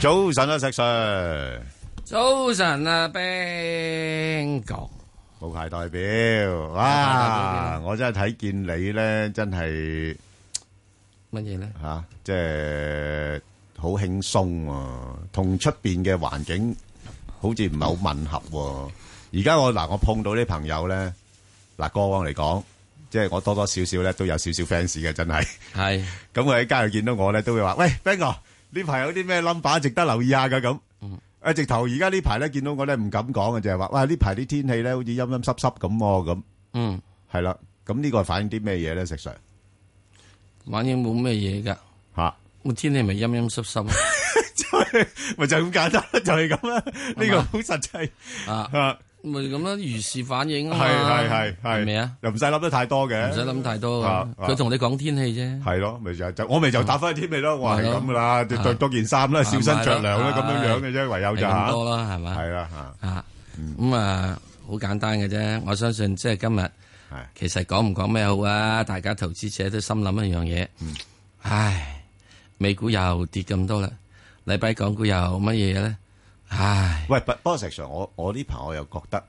早晨啊石 Sir，早晨啊 Bingo，舞台代表，哇！我真係睇見你咧，真係乜嘢咧？吓，即係好輕鬆啊，同出邊嘅環境好似唔係好吻合。而家我嗱，我碰到啲朋友咧，嗱過往嚟講，即係我多多少少咧都有少少 fans 嘅，真係。係。咁我喺街度見到我咧，都會話：喂，Bingo。呢排有啲咩 number 值得留意下嘅咁？誒，嗯、直頭而家呢排咧見到我咧唔敢講嘅，就係話，哇呢排啲天氣咧好似陰陰濕濕咁哦咁。嗯，係啦，咁呢個係反映啲咩嘢咧？石 Sir 反映冇咩嘢噶。吓，個天氣咪陰陰濕濕，咪就咁簡單，就係咁啦。呢、呢個好實際。嗎啊！ 咪咁咯，如是反應啊！係係係係咪啊？又唔使諗得太多嘅，唔使諗太多嘅。佢同你講天氣啫。係咯，咪就就我咪就打翻天氣咯。我係咁噶啦，著多件衫啦，小心着涼啦，咁樣樣嘅啫，唯有就係咁多啦，係咪？係啦，嚇嚇。咁啊，好簡單嘅啫。我相信即係今日，其實講唔講咩好啊？大家投資者都心諗一樣嘢。嗯，唉，美股又跌咁多啦。禮拜港股又乜嘢咧？唉，喂，不過實際上我我啲朋友又覺得，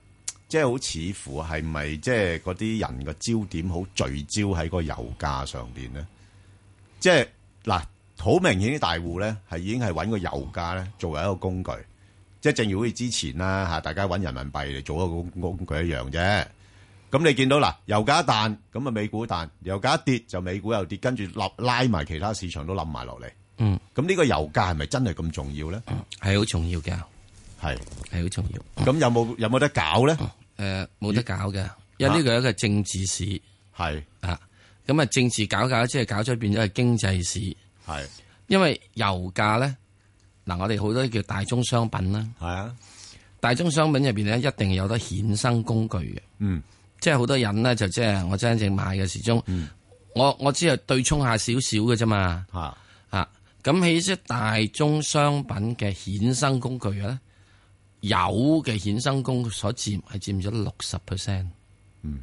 即係好似乎係咪即係嗰啲人個焦點好聚焦喺個油價上邊咧？即係嗱，好明顯啲大戶咧係已經係揾個油價咧作為一個工具，即係正如好似之前啦吓，大家揾人民幣嚟做一個工具一樣啫。咁你見到嗱，油價一彈，咁啊美股一彈，油價一跌就美股又跌，跟住拉拉埋其他市場都冧埋落嚟。嗯，咁呢個油價係咪真係咁重要咧？係好重要嘅，係係好重要。咁有冇有冇得搞咧？誒，冇得搞嘅，因為呢個係一個政治市係啊。咁啊，政治搞搞即係搞出變咗係經濟市係。因為油價咧，嗱，我哋好多叫大宗商品啦，係啊，大宗商品入邊咧一定有得衍生工具嘅，嗯，即係好多人咧就即係我真正買嘅時鐘，我我只係對沖下少少嘅啫嘛，吓。咁起啲大宗商品嘅衍生工具嘅咧，油嘅衍生工具所佔係佔咗六十 percent，嗯，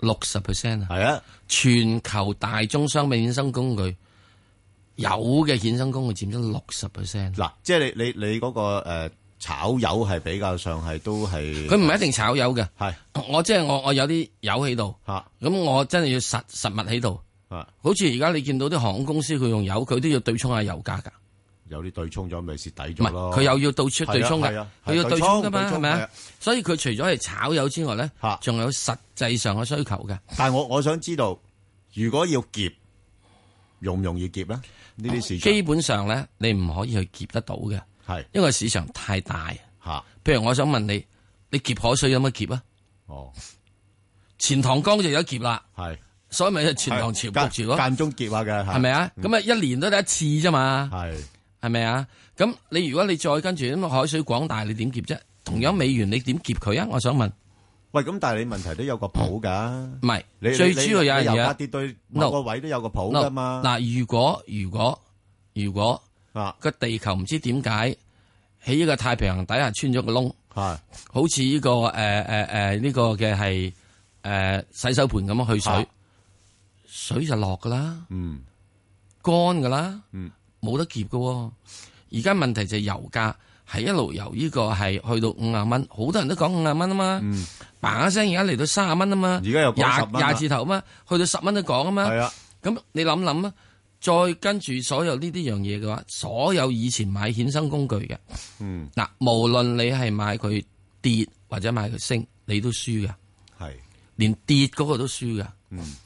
六十 percent 啊，係啊，全球大宗商品衍生工具油嘅衍生工具佔咗六十 percent。嗱、嗯，即係你你你嗰、那個誒、呃、炒油係比較上係都係，佢唔係一定炒油嘅，係是我即係我我有啲油喺度，吓、啊，咁我真係要實實物喺度。啊！好似而家你見到啲航空公司佢用油，佢都要對沖下油價噶。有啲對沖咗咪蝕底咗？唔係，佢又要到處對沖噶，佢、啊啊啊、要對沖噶嘛？係咪？啊、所以佢除咗係炒油之外咧，仲有實際上嘅需求嘅。但係我我想知道，如果要劫，容唔容易劫咧？呢啲事基本上咧，你唔可以去劫得到嘅。係是，因為市場太大。吓、啊，譬如我想問你，你劫火水有乜劫啊？哦，錢 塘江就有劫啦。係。所以咪全行全覆潮咯，間中劫下嘅，係咪啊？咁啊，一年都得一次啫嘛，係係咪啊？咁你如果你再跟住咁海水廣大，你點劫啫？同樣美元你點劫佢啊？我想問，喂，咁但係你問題都有個譜噶，唔係、嗯，你最主要有樣嘢、啊、油價跌到個位都有個譜噶嘛。嗱、no. no. 啊，如果如果如果、啊、如果個地球唔知點解喺呢個太平洋底下穿咗個窿，啊、好似呢、這個誒誒誒呢個嘅係誒洗手盆咁樣去水、啊。啊水就落噶啦，乾噶啦，冇、嗯、得夾噶、哦。而家問題就係油價係一路由呢個係去到五十蚊，好多人都講五十蚊啊嘛，嘭一聲而家嚟到卅蚊啊嘛，而家又廿廿字頭啊嘛，去到十蚊都講啊嘛。咁的你諗諗啊，再跟住所有呢啲樣嘢嘅話，所有以前買衍生工具嘅，嗱、嗯，無論你係買佢跌或者買佢升，你都輸噶，的嗯、連跌嗰個都輸噶。嗯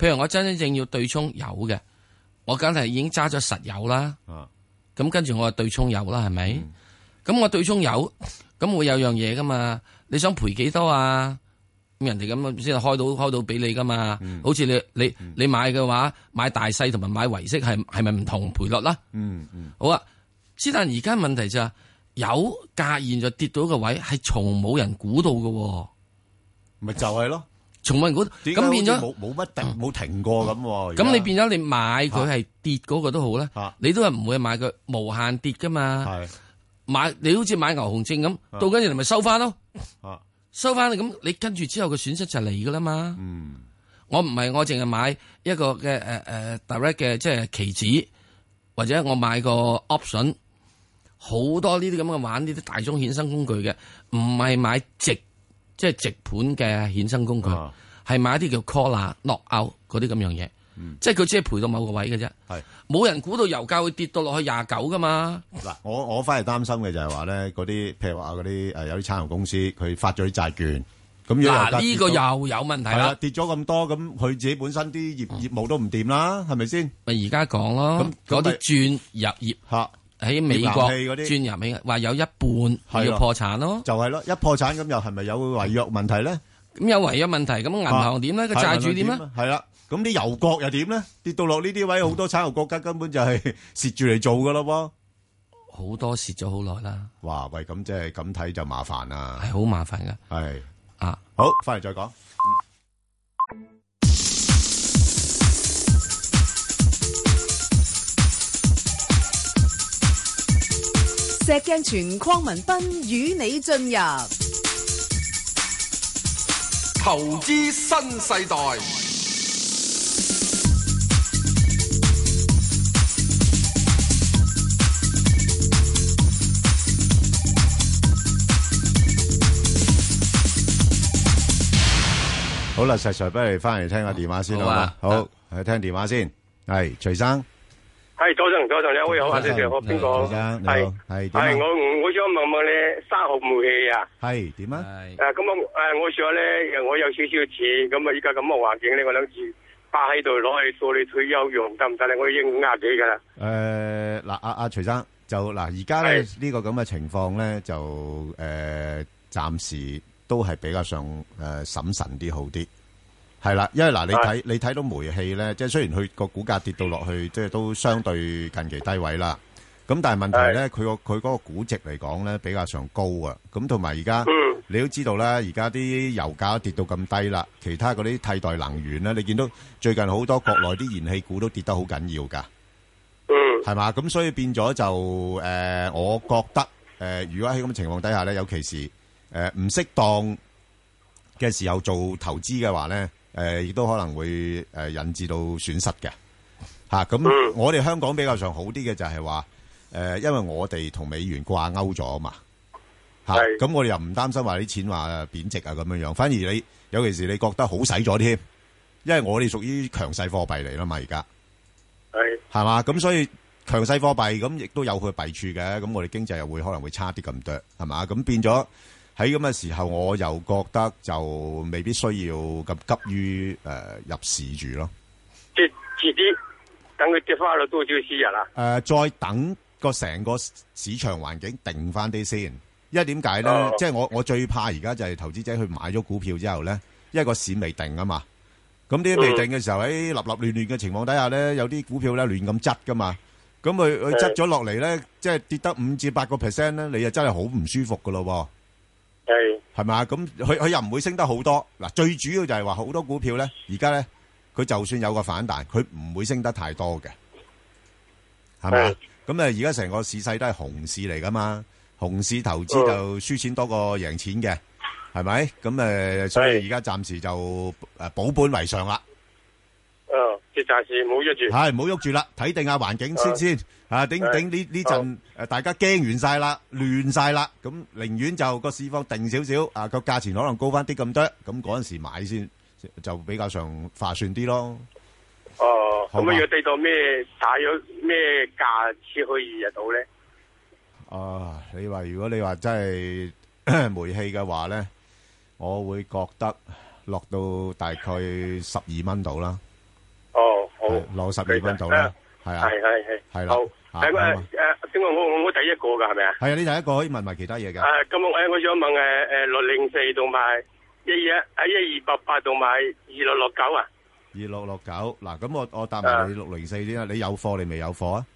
譬如我真真正要對沖油嘅，我梗係已經揸咗實油啦。咁跟住我話對沖油啦，係咪？咁、嗯、我對沖油，咁會有樣嘢噶嘛？你想賠幾多啊？咁人哋咁先開到開到俾你噶嘛？嗯、好似你你你，你買嘅話，買大細同埋買維息係係咪唔同賠率啦？嗯，嗯好啊。之但而家問題就係、是、油價現在跌到個位係從冇人估到嘅、啊，咪就係咯。重運股，咁變咗冇冇乜定，冇停過咁喎、啊。咁在你變咗你買佢係跌嗰個都好咧，啊、你都係唔會買佢無限跌噶嘛。係、啊、買你好似買牛熊證咁，到跟住你咪收翻咯。啊、收翻你咁，你跟住之後嘅損失就嚟噶啦嘛。嗯，我唔係我淨係買一個嘅誒誒 direct 嘅即係期指，或者我買個 option，好多呢啲咁嘅玩呢啲大宗衍生工具嘅，唔係買值。即係直盤嘅衍生工具，係、啊、買一啲叫 call 啦、knock out 嗰啲咁樣嘢。即係佢只係賠到某個位嘅啫。冇是人估到油價會跌到落去廿九噶嘛？嗱、啊，我我反而擔心嘅就係話咧，嗰啲譬如話嗰啲誒有啲產油公司佢發咗啲債券，咁呢、啊呢個又有問題啦、啊。跌咗咁多，咁佢自己本身啲業、嗯、業務都唔掂啦，係咪先？咪而家講咯，咁嗰啲轉入業嚇。啊啊喺美國專入，佢話有一半要破產咯，就係、是、咯，一破產咁又係咪有違約問題咧？咁有違約問題，咁銀行點咧？個債主點咧？係啦，咁啲油國又點咧？跌到落呢啲位，好多產油國家根本就係蝕住嚟做噶咯，好多蝕咗好耐啦。哇喂，咁即係咁睇就麻煩啦，係好麻煩噶，係的啊，好，翻嚟再講。石鏡泉鄺文斌與你進入投資新世代。好啦，石 Sir 不如翻嚟聽下電話先啦，好去聽電話先，係徐生。係早晨，早晨你好，你好、啊，先生，我邊個？係係是，係、啊、我，我想問問你，三號煤氣啊？係點啊？誒是，咁啊，誒、啊，我想咧，我有少少錢，咁啊，依家咁嘅環境咧，我諗住放喺度攞去做你退休用得唔得咧？我已經五廿幾噶啦。誒、啊，嗱、啊，阿阿徐生，就嗱，而家咧呢個咁嘅情況咧，是就誒、呃、暫時都係比較上誒審慎啲好啲。係啦，因為嗱的，你睇你睇到煤氣咧，即係雖然佢個股價跌到落去，即係都相對近期低位啦。咁但係問題咧，佢的個佢個估值嚟講咧，比較上高啊。咁同埋而家，嗯、你都知道咧，而家啲油價跌到咁低啦，其他嗰啲替代能源咧，你見到最近好多國內啲燃氣股都跌得好緊要噶。嗯，係嘛？咁所以變咗就誒、呃，我覺得誒、呃，如果喺咁嘅情況底下咧，尤其是誒唔適當嘅時候做投資嘅話咧。誒，亦、呃、都可能會誒、呃、引致到損失嘅，吓、啊、咁我哋香港比較上好啲嘅就係話，誒、呃，因為我哋同美元掛鈎咗嘛，吓、啊，咁的、啊、我哋又唔擔心話啲錢話貶值啊咁樣樣，反而你尤其是你覺得好使咗添，因為我哋屬於強勢貨幣嚟啦嘛，而家係，係嘛的，咁所以強勢貨幣咁亦都有佢弊處嘅，咁我哋經濟又會可能會差啲咁多，係嘛，咁變咗。喺咁嘅時候，我又覺得就未必需要咁急於誒、呃、入市住咯。即係遲啲，等佢跌翻落多少時日啦。誒，再等個成個市場環境定翻啲先。因為點解咧？哦、即係我我最怕而家就係投資者去買咗股票之後咧，因為個市未定啊嘛。咁啲未定嘅時候喺立立亂亂嘅情況底下咧，有啲股票咧亂咁執噶嘛。咁佢佢執咗落嚟咧，呢是的 即係跌得五至八個 percent 咧，你又真係好唔舒服噶咯。係，係咪啊？咁，佢佢又唔會升得好多。嗱，最主要就係話好多股票咧，而家咧，佢就算有個反彈，佢唔會升得太多嘅，係咪啊？咁啊是，而家成個市勢都係熊市嚟噶嘛，熊市投資就輸錢多過贏錢嘅，係咪？咁誒、呃，所以而家暫時就誒保本為上啦。誒、哦，即暫時唔好喐住，係唔好喐住啦。睇定下環境先先啊！頂頂呢呢陣誒，哦、大家驚完晒啦，亂晒啦，咁寧願就個市況定少少啊，個價錢可能高翻啲咁多，咁嗰陣時買先就比較上划算啲咯。哦，可唔可以對到咩大咗咩價先可以入到咧？啊、嗯，你話如果你真呵呵話真係煤氣嘅話咧，我會覺得落到大概十二蚊到啦。哦，好，六十二分度啦，係啊，係係係，係啦。好，咁誒誒，正話我我第一個噶係咪啊？係啊，你第一個可以問埋其他嘢㗎。誒，咁誒，我想問誒誒六零四同埋一一喺一二八八同埋二六六九啊？二六六九，嗱，咁我我答埋你六零四先啦。你有貨你未有貨啊？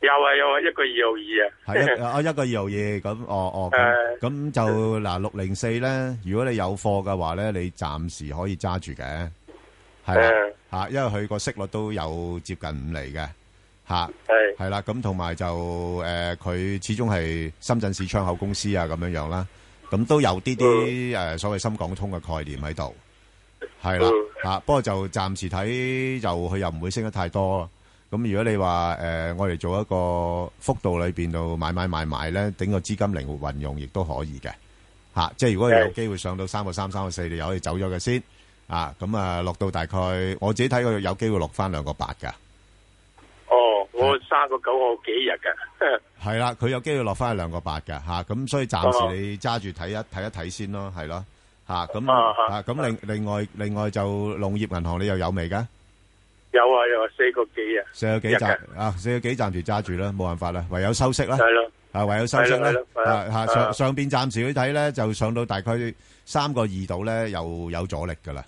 有啊有啊，一個二毫二啊。係啊，啊一個二毫二，咁哦哦。誒，咁就嗱六零四咧，如果你有貨嘅話咧，你暫時可以揸住嘅。係吓，因為佢個息率都有接近五厘嘅，吓係係啦，咁同埋就誒，佢、呃、始終係深圳市窗口公司啊，咁樣樣啦，咁都有啲啲誒所謂深港通嘅概念喺度，係啦吓，不過就暫時睇就佢又唔會升得太多，咁如果你話誒我哋做一個幅度裏邊度買買買買咧，等個資金靈活運用亦都可以嘅，吓，即係如果有機會上到三萬三、三萬四，你可以走咗嘅先。啊，咁啊落到大概我自己睇過，有機會落翻兩個八噶。哦，我三個九號幾日嘅。係啦，佢有機會落翻係兩個八嘅吓，咁所以暫時你揸住睇一睇一睇先咯，係咯。吓咁吓咁另另外另外就農業銀行，你又有未噶？有啊，又係四個幾啊，四個幾啊，四個幾暫時揸住啦，冇辦法啦，唯有收息啦。係咯，啊唯有收息啦。係啦，吓上上邊暫時去睇咧，就上到大概三個二度咧，又有阻力噶啦。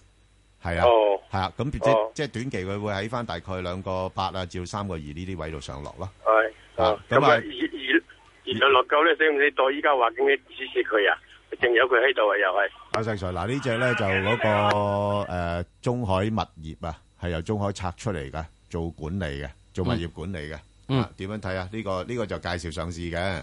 係啊，係、哦、啊，咁即、哦、即係短期佢會喺翻大概兩個八啊，照三個二呢啲位度上落咯。係、哎、啊，咁啊二二二落夠咧，使唔使待？依家話驚你指示佢啊？仲有佢喺度啊，又係。阿細 sir 嗱，呢隻咧就嗰個誒中海物業啊，係由中海拆出嚟噶，做管理嘅，做物業管理嘅。嗯，點樣睇啊？呢、這個呢、這個就介紹上市嘅。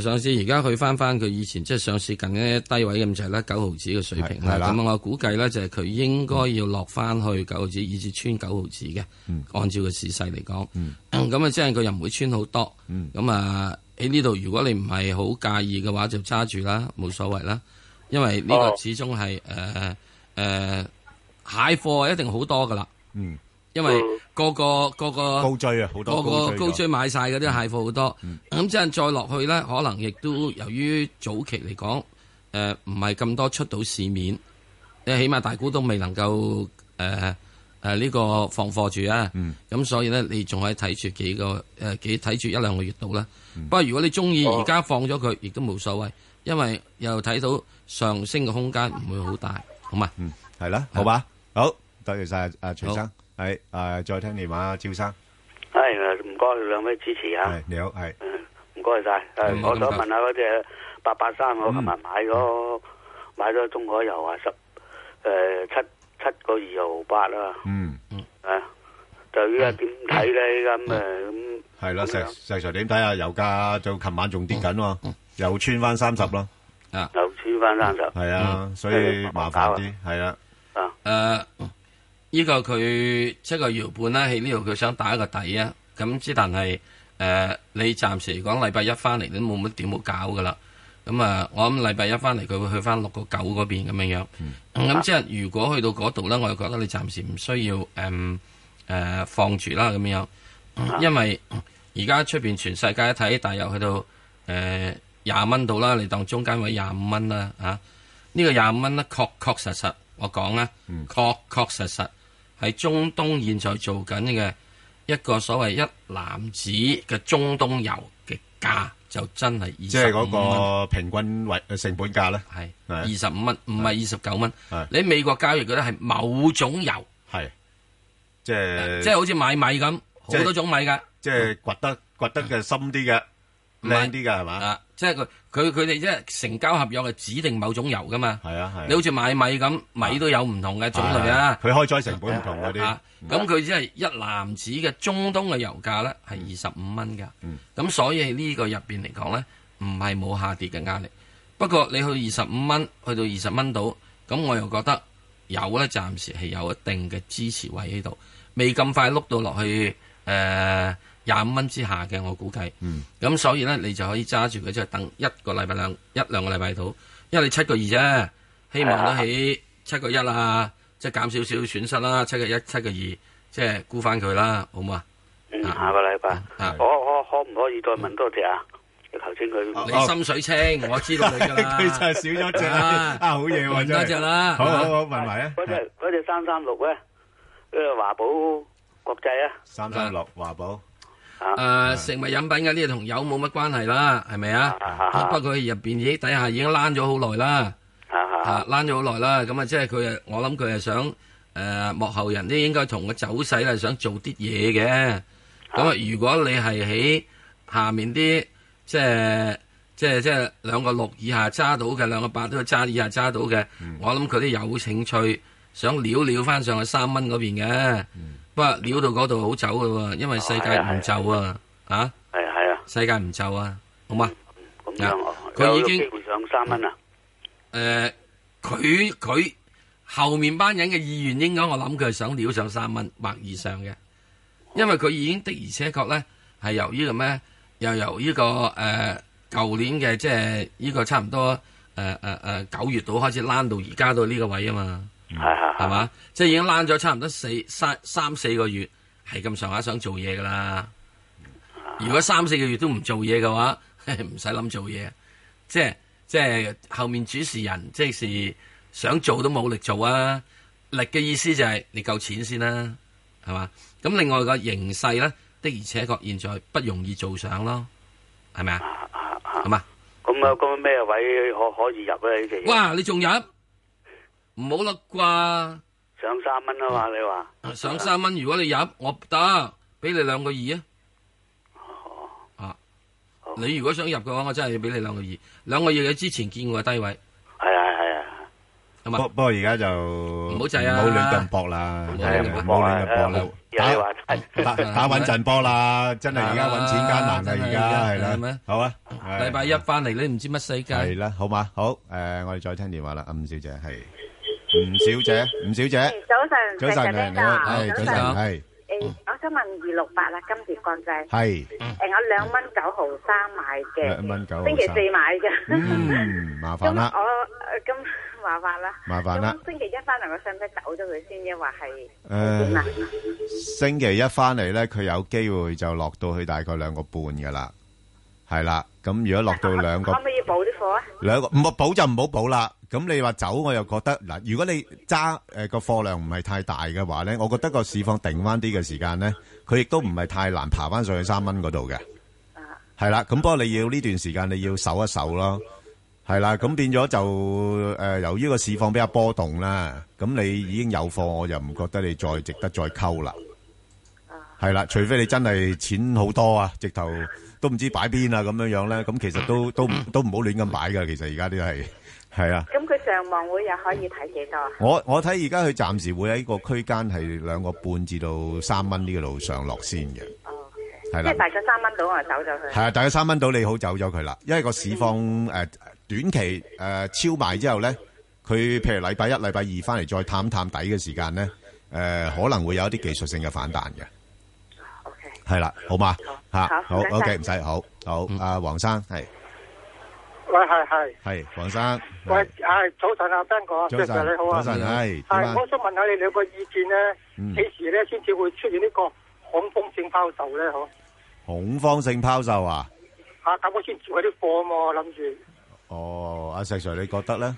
上市，而家去翻翻佢以前即係上市近咧低位，咁就係咧九毫子嘅水平，咁啊我估計咧就係佢應該要落翻去九毫子，以至穿九毫子嘅。嗯、按照個市勢嚟講，咁啊即係佢又唔會穿好多。咁、嗯、啊喺呢度如果你唔係好介意嘅話就，就揸住啦，冇所謂啦。因為呢個始終係誒誒蟹貨一定好多噶啦。嗯因為個個個個個個高追買晒嗰啲蟹貨好多，咁即係再落去呢，可能亦都由於早期嚟講誒，唔係咁多出到市面，你起碼大股都未能夠誒誒呢個放貨住啊。咁、嗯嗯、所以呢，你仲可以睇住幾個誒幾睇住一兩個月度啦。嗯、不過如果你中意而家放咗佢，亦都冇所謂，因為又睇到上升嘅空間唔會好大，好嘛？嗯，係啦，好吧，好，多謝晒阿徐生。係，誒，再聽電話，趙生。係，唔該兩位支持吓。係，你好，係。唔該晒，誒，我想問下嗰隻八八三，我今日買咗買咗中海油啊，十誒七七個二號八啊。嗯嗯。誒，就依家點睇咧？咁誒咁。係啦，石石才點睇啊？油價就琴晚仲跌緊喎，又穿翻三十咯。啊，又穿翻三十。係啊，所以麻煩啲，係啊。啊，誒。呢個佢七個月半啦，喺呢度佢想打一個底啊，咁之但係誒、呃，你暫時嚟講，禮拜一翻嚟你都冇乜點好搞噶啦。咁、嗯、啊，我諗禮拜一翻嚟佢會去翻六個九嗰邊咁樣樣。咁、嗯、即係如果去到嗰度咧，我又覺得你暫時唔需要誒誒、嗯呃、放住啦咁樣，因為而家出邊全世界一睇，大油去到誒廿蚊度啦，你當中間位廿五蚊啦啊，這個、呢個廿五蚊咧確確實實，我講啦，確確實實。嗯確確實實喺中東現在做緊嘅一個所謂一籃子嘅中東油嘅價就真係二十五蚊，即係嗰個平均位誒成本價咧係二十五蚊，唔係二十九蚊。你美國交易嘅咧係某種油，係即係即係好似買米咁，好多種米㗎，即係掘得掘得嘅深啲嘅。慢啲㗎係嘛？吧啊，即係佢佢佢哋即係成交合約係指定某種油㗎嘛？係啊係。啊你好似買米咁，啊、米都有唔同嘅種類啊。佢開採成本唔同嗰啲。嚇、啊，咁佢即係一籃子嘅中東嘅油價咧係二十五蚊㗎。嗯。咁所以個面呢個入邊嚟講咧，唔係冇下跌嘅壓力。不過你去二十五蚊，去到二十蚊度，咁我又覺得油咧暫時係有一定嘅支持位喺度，未咁快碌到落去誒。呃廿五蚊之下嘅，我估計，咁所以咧，你就可以揸住佢，即係等一個禮拜兩一兩個禮拜到，因為你七個二啫，希望都起七個一啊，即係減少少損失啦。七個一，七個二，即係估翻佢啦，好唔好啊？嗯，下個禮拜啊，我我可唔可以再問多隻啊？頭先佢你心水清，我知道你噶啦，佢就係少咗隻啊，好嘢喎，多隻啦，好好好，問埋啊，嗰隻隻三三六咧，呢個華寶國際啊，三三六華寶。誒，呃、是的 食物飲品嗰啲同油冇乜關係啦，係咪啊？不過佢入邊喺底下已經躝咗好耐啦，啊躝咗好耐啦，咁啊即係佢，我諗佢係想誒、呃、幕後人啲應該同個走勢係想做啲嘢嘅。咁啊，如果你係喺下面啲，即係即係即係兩個六以下揸到嘅，兩個八都係揸以下揸到嘅， 我諗佢啲有興趣想撩撩翻上去三蚊嗰邊嘅。 不料到嗰度好走㗎喎，因為世界唔就啊，啊係係啊，啊啊啊世界唔就啊，好嘛？咁樣、啊，佢已經上三蚊啦。誒、嗯，佢、呃、佢後面班人嘅意願應該我諗佢係想料上三蚊或以上嘅，嗯，因為佢已經的而且確咧係由呢、這個咩，又由呢、這個誒舊、呃、年嘅即係呢個差唔多誒誒誒九月度開始躝到而家到呢個位啊嘛。係係係嘛，即係已經攔咗差唔多四三三四個月，係咁上下想做嘢噶啦。啊、如果三四個月都唔做嘢嘅話，唔使諗做嘢。即係即係後面主持人，即是想做都冇力做啊。力嘅意思就係你夠錢先啦、啊，係嘛？咁另外個形勢咧，的而且確現在不容易做上咯，係咪啊？啊嘛，咁啊咁咩位可可以入咧？哇！你仲入？唔好啦啩，上三蚊啊嘛，你話上三蚊，如果你入，我得俾你兩個二啊。哦，啊，你如果想入嘅話，我真係要俾你兩個二，兩個二喺之前見過低位。係啊係啊，咁啊。不不過而家就唔好再啊，唔好亂咁搏啦，係啊，唔好亂咁搏啦，打打穩陣波啦，真係而家揾錢艱難啊，而家係啦，好啊。禮拜一翻嚟，你唔知乜世界。係啦，好嘛，好，誒，我哋再聽電話啦，阿吳小姐係。吳小姐，吳小姐，早晨，早晨你好，早晨，係。誒，我想問二六八啦，金蝶國際係。誒，我兩蚊九毫三買嘅，兩蚊九毫三。星期四買嘅。嗯，麻煩啦。我今麻煩啦。麻煩啦。星期一翻嚟，我使唔使走咗佢先？抑或係。誒，星期一翻嚟咧，佢有機會就落到去大概兩個半噶啦，係啦。咁如果落到兩個，可唔可以補啲貨啊？兩個唔補就唔好補啦。咁你話走我又覺得嗱，如果你揸誒個貨量唔係太大嘅話咧，我覺得個市況定翻啲嘅時間咧，佢亦都唔係太難爬翻上去三蚊嗰度嘅。啊，係啦。咁不過你要呢段時間你要守一守咯。係啦。咁變咗就誒，由於個市況比較波動啦，咁你已經有貨，我就唔覺得你再值得再溝啦。係啦，除非你真係錢好多啊，直頭都唔知擺邊啊咁樣樣咧，咁其實都都都唔好亂咁擺噶。其實而家都係係啊。咁佢上望會又可以睇幾多？啊我？我我睇而家佢暫時會喺個區間係兩個半至到三蚊呢個路上落先嘅。哦，係啦的。即係大概三蚊到啊，走咗佢。係啊，大概三蚊到你好走咗佢啦。因為個市況誒、嗯呃、短期誒、呃、超賣之後咧，佢譬如禮拜一、禮拜二翻嚟再探探底嘅時間咧，誒、呃、可能會有一啲技術性嘅反彈嘅。係啦，好嘛吓，好 OK，唔使，好好，阿黃生係，喂，係係係，黃生，喂，係早晨啊，斌哥，早晨，你好啊，係係，我想問下你兩個意見咧，幾時咧先至會出現呢個恐慌性拋售咧？好，恐慌性拋售啊？吓，咁我先接啲貨啊嘛，諗住。哦，阿石 Sir 你覺得咧？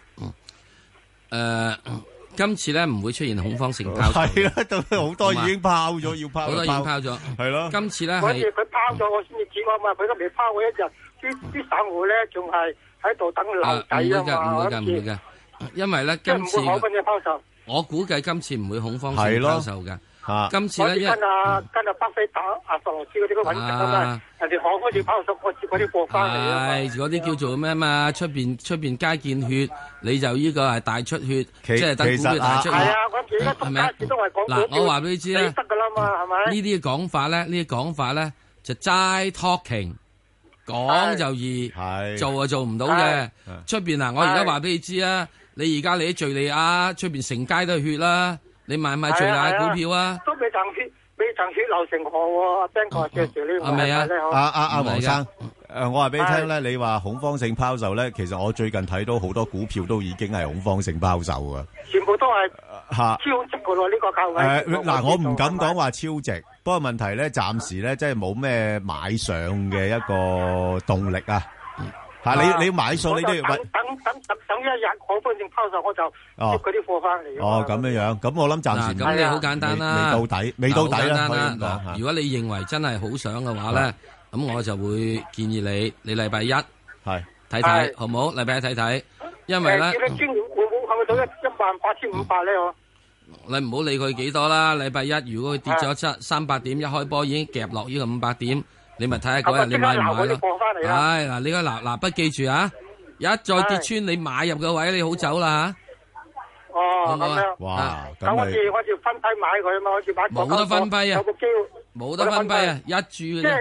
誒。今次咧唔會出現恐慌性拋售。係好多已經拋咗，要拋好多已經拋咗，係咯。今次咧，佢拋咗我先至跌落啊嘛。佢都未拋過一日，啲啲散戶咧仲係喺度等撈底啊嘛。唔會嘅，唔會嘅，因為咧今次我估計今次唔會恐慌性拋售嘅。今次咧跟阿跟阿巴菲特阿索羅斯嗰啲都揾人嘛，人哋港開始拋出，我接嗰啲貨翻嚟嗰啲叫做咩嘛？出邊出邊街見血，你就呢個係大出血，即係等股都大出血。係啊，我而家獨家始終係講股。嗱，我話俾你知呢啲講法咧，呢啲講法咧就齋 talking，講就易，做就做唔到嘅。出邊嗱，我而家話俾你知啊，你而家你喺敘利亞，出邊成街都係血啦。你買唔買最靚股票啊？都未曾血，未曾血流成河喎。Ben 哥介紹呢個，你、啊、好，你你好。阿阿阿黃生，誒、嗯呃，我話俾你聽咧，的你話恐慌性拋售咧，其實我最近睇到好多股票都已經係恐慌性拋售噶。全部都係吓超值嘅喎，呢、啊、個價位。係嗱、呃，我唔敢講話超值，的不過問題咧，暫時咧，即係冇咩買上嘅一個動力啊。啊！你你買數你都要等等等等等一日，我反正拋售我就接佢啲貨翻嚟。哦咁樣樣，咁我諗暫時咁你好簡單啦，未到底，未到底啦。如果你認為真係好想嘅話咧，咁我就會建議你，你禮拜一係睇睇好唔好？禮拜一睇睇，因為咧，係咪到一一萬八千五百咧我。你唔好理佢幾多啦，禮拜一如果佢跌咗七三百點，一開波已經夾落呢個五百點。你咪睇下嗰日，你買唔買咯？係嗱，你個嗱嗱筆記住啊！一再跌穿你買入嘅位，你好走啦吓。哦，咁樣。哇，咁我哋我哋分批買佢啊嘛，我哋買冇得分批啊，有個機會。冇得分批啊！一注。即係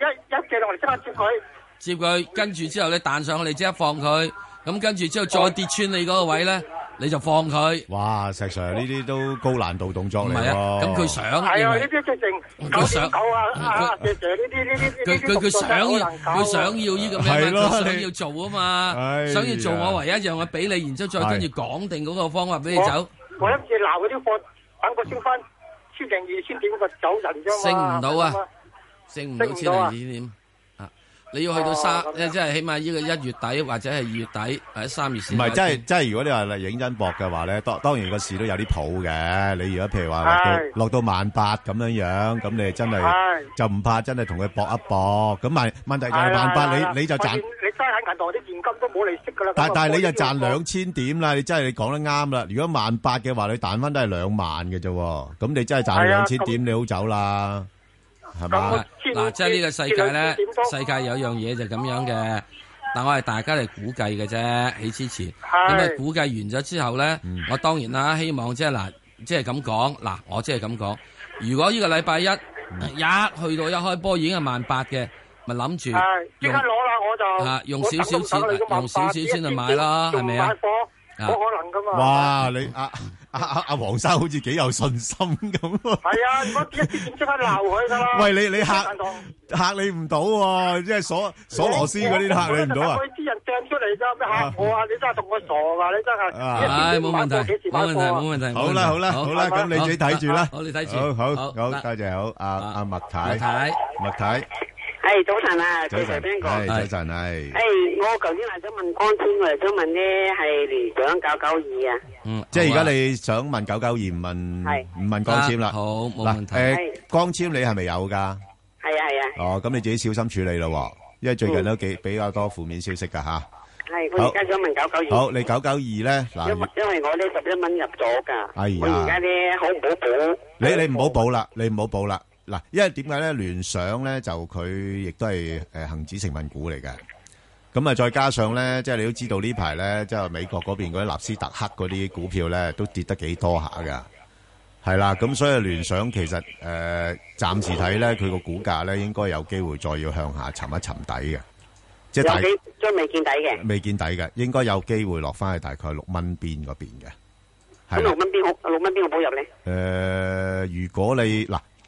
一一借我嚟接住佢。接佢，跟住之後咧彈上，我哋即刻放佢。咁跟住之後再跌穿你嗰個位咧。你就放佢。哇，石 Sir 呢啲都高難度動作嚟㗎。咁佢想，係啊，呢啲即係狗咬狗啊！石 Sir 呢啲呢啲，佢佢佢想要，佢想要呢個咩？佢想要做啊嘛，想要做我唯一一樣嘢俾你，然之後再跟住講定嗰個方法俾你走。我一次鬧嗰啲貨，等佢升翻千零二千點個走人啫嘛。升唔到啊！升唔到千零二千點啊！你要去到三，即係起碼呢個一月底或者係二月底或者三月先。唔係，即係即係，如果你話嚟，影真搏嘅話咧，當然當然個市都有啲譜嘅。你如果譬如話落到落萬八咁樣樣，咁你真係就唔怕真博博，真係同佢搏一搏。咁問問題就係萬八，你就賺，你就賺，你揸喺銀行啲現金都冇利息噶啦。但但係你就賺兩千點啦，你真係你講得啱啦。如果萬八嘅話，你賺翻都係兩萬嘅啫。咁你真係賺兩千點，你好走啦。係嘛？嗱，即係呢個世界咧，世界有樣嘢，就咁樣嘅。但我係大家嚟估計嘅啫，起之前。咁你估計完咗之後咧，我當然啦，希望即係嗱，即係咁講，嗱，我即係咁講。如果呢個禮拜一一去到一開波已經係萬八嘅，咪諗住即刻攞啦，我就用少少錢，用少少錢去買啦，係咪啊？冇可能噶嘛！哇，你阿阿阿阿黃生好似幾有信心咁喎。係啊，我點點點即刻鬧佢噶啦！喂，你你吓吓你唔到喎，即係索索羅斯嗰啲都吓你唔到啊！我啲人掟出嚟咋咩吓我啊！你真係同我傻啊，你真係。啊，冇問題，冇問題，冇問題。好啦，好啦，好啦，咁你自己睇住啦。好，你睇住。好，好，好，多謝好。阿阿麥太，麥太，麥太。係早晨啊，繼續聽講。係早晨，係。誒，我頭先話想問光纖，我嚟，想問咧係聯長九九二啊。嗯，即係而家你想問九九二唔問？係唔問光纖啦。好，冇問題。光纖你係咪有噶？係啊係啊。哦，咁你自己小心處理咯，因為最近都幾比較多負面消息噶吓。係，我而家想問九九二。好，你九九二咧嗱。因因為我咧十一蚊入咗噶。係啊。而家咧好唔好補。你你唔好補啦，你唔好補啦。嗱，因為點解咧？聯想咧就佢亦都係誒恆指成分股嚟嘅，咁啊再加上咧，即係你都知道呢排咧，即係美國嗰邊嗰啲納斯達克嗰啲股票咧都跌得幾多下㗎，係啦，咁所以聯想其實誒、呃、暫時睇咧，佢個股價咧應該有機會再要向下沉一沉底嘅，即係大都未見底嘅，未見底嘅，應該有機會落翻去大概六蚊邊嗰邊嘅。咁六蚊邊好？六蚊邊我補入咧。誒、呃，如果你嗱。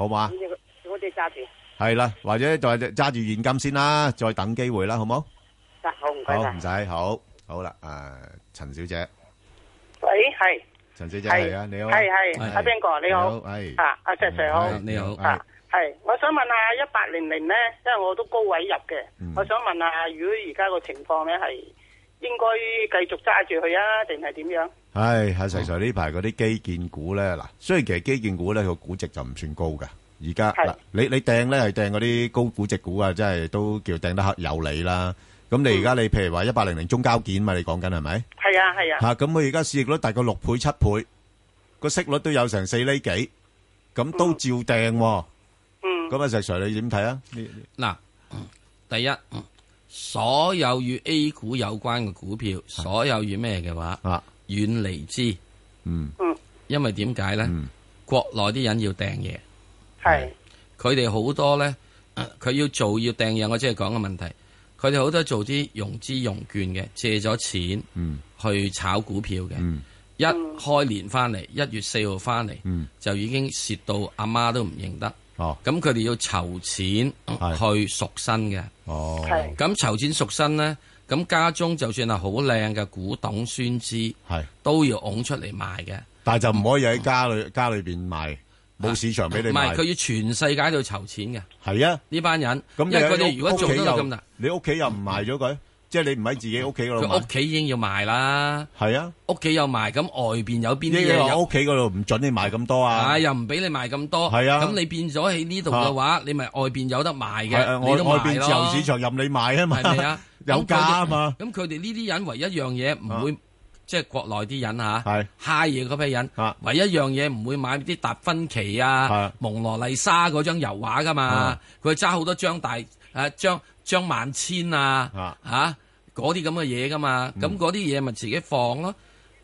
好嘛？我哋揸住係啦，或者就係揸住現金先啦，再等機會啦，好冇？好唔該啦。好唔使，好好啦。啊，陳小姐，喂，係陳小姐，係啊，你好，係係阿邊個，你好，係啊，阿石 Sir 好，你好啊，係，我想問下一八零零咧，因為我都高位入嘅，我想問下，如果而家個情況咧係應該繼續揸住佢啊，定係點樣？係阿石 Sir，呢排嗰啲基建股咧，嗱，雖然其實基建股咧個估值就唔算高噶，而家嗱，你你掟咧係掟嗰啲高估值股啊，即係都叫掟得有理啦。咁你而家你譬如話一百零零中交建嘛，你講緊係咪？係啊係啊。吓，咁佢而家市盈率大概六倍七倍，個息率都有成四厘幾，咁都照掟。嗯。咁阿石 Sir 你點睇啊？嗱，第一，所有與 A 股有關嘅股票，所有與咩嘅話？啊。遠離之，嗯，因為點解咧？嗯、國內啲人要訂嘢，係佢哋好多咧，佢要做要訂嘢，我即係講個問題，佢哋好多做啲融資融券嘅，借咗錢去炒股票嘅，嗯、一開年翻嚟，一月四號翻嚟，嗯、就已經蝕到阿媽都唔認得，哦、咁佢哋要籌錢去贖身嘅，哦、咁籌錢贖身咧？咁家中就算係好靚嘅古董酸枝，係都要攬出嚟賣嘅。但係就唔可以喺家裏家裏邊賣，冇市場俾你賣。唔係佢要全世界度籌錢嘅。係啊，呢班人，因為佢哋如果做都係咁啦。你屋企又唔賣咗佢，即係你唔喺自己屋企嗰度賣。屋企已經要賣啦。係啊，屋企又賣，咁外邊有邊啲嘢？屋企嗰度唔準你賣咁多啊！啊，又唔俾你賣咁多。係啊，咁你變咗喺呢度嘅話，你咪外邊有得賣嘅。你都賣咯。外邊自由市場任你賣啊嘛。係咪啊？有價啊嘛，咁佢哋呢啲人唯一一樣嘢唔會，即係國內啲人吓，係 high 嘢嗰批人，唯一一樣嘢唔會買啲達芬奇啊、蒙羅麗莎嗰張油畫噶嘛，佢揸好多張大誒張張萬千啊吓嗰啲咁嘅嘢噶嘛，咁嗰啲嘢咪自己放咯。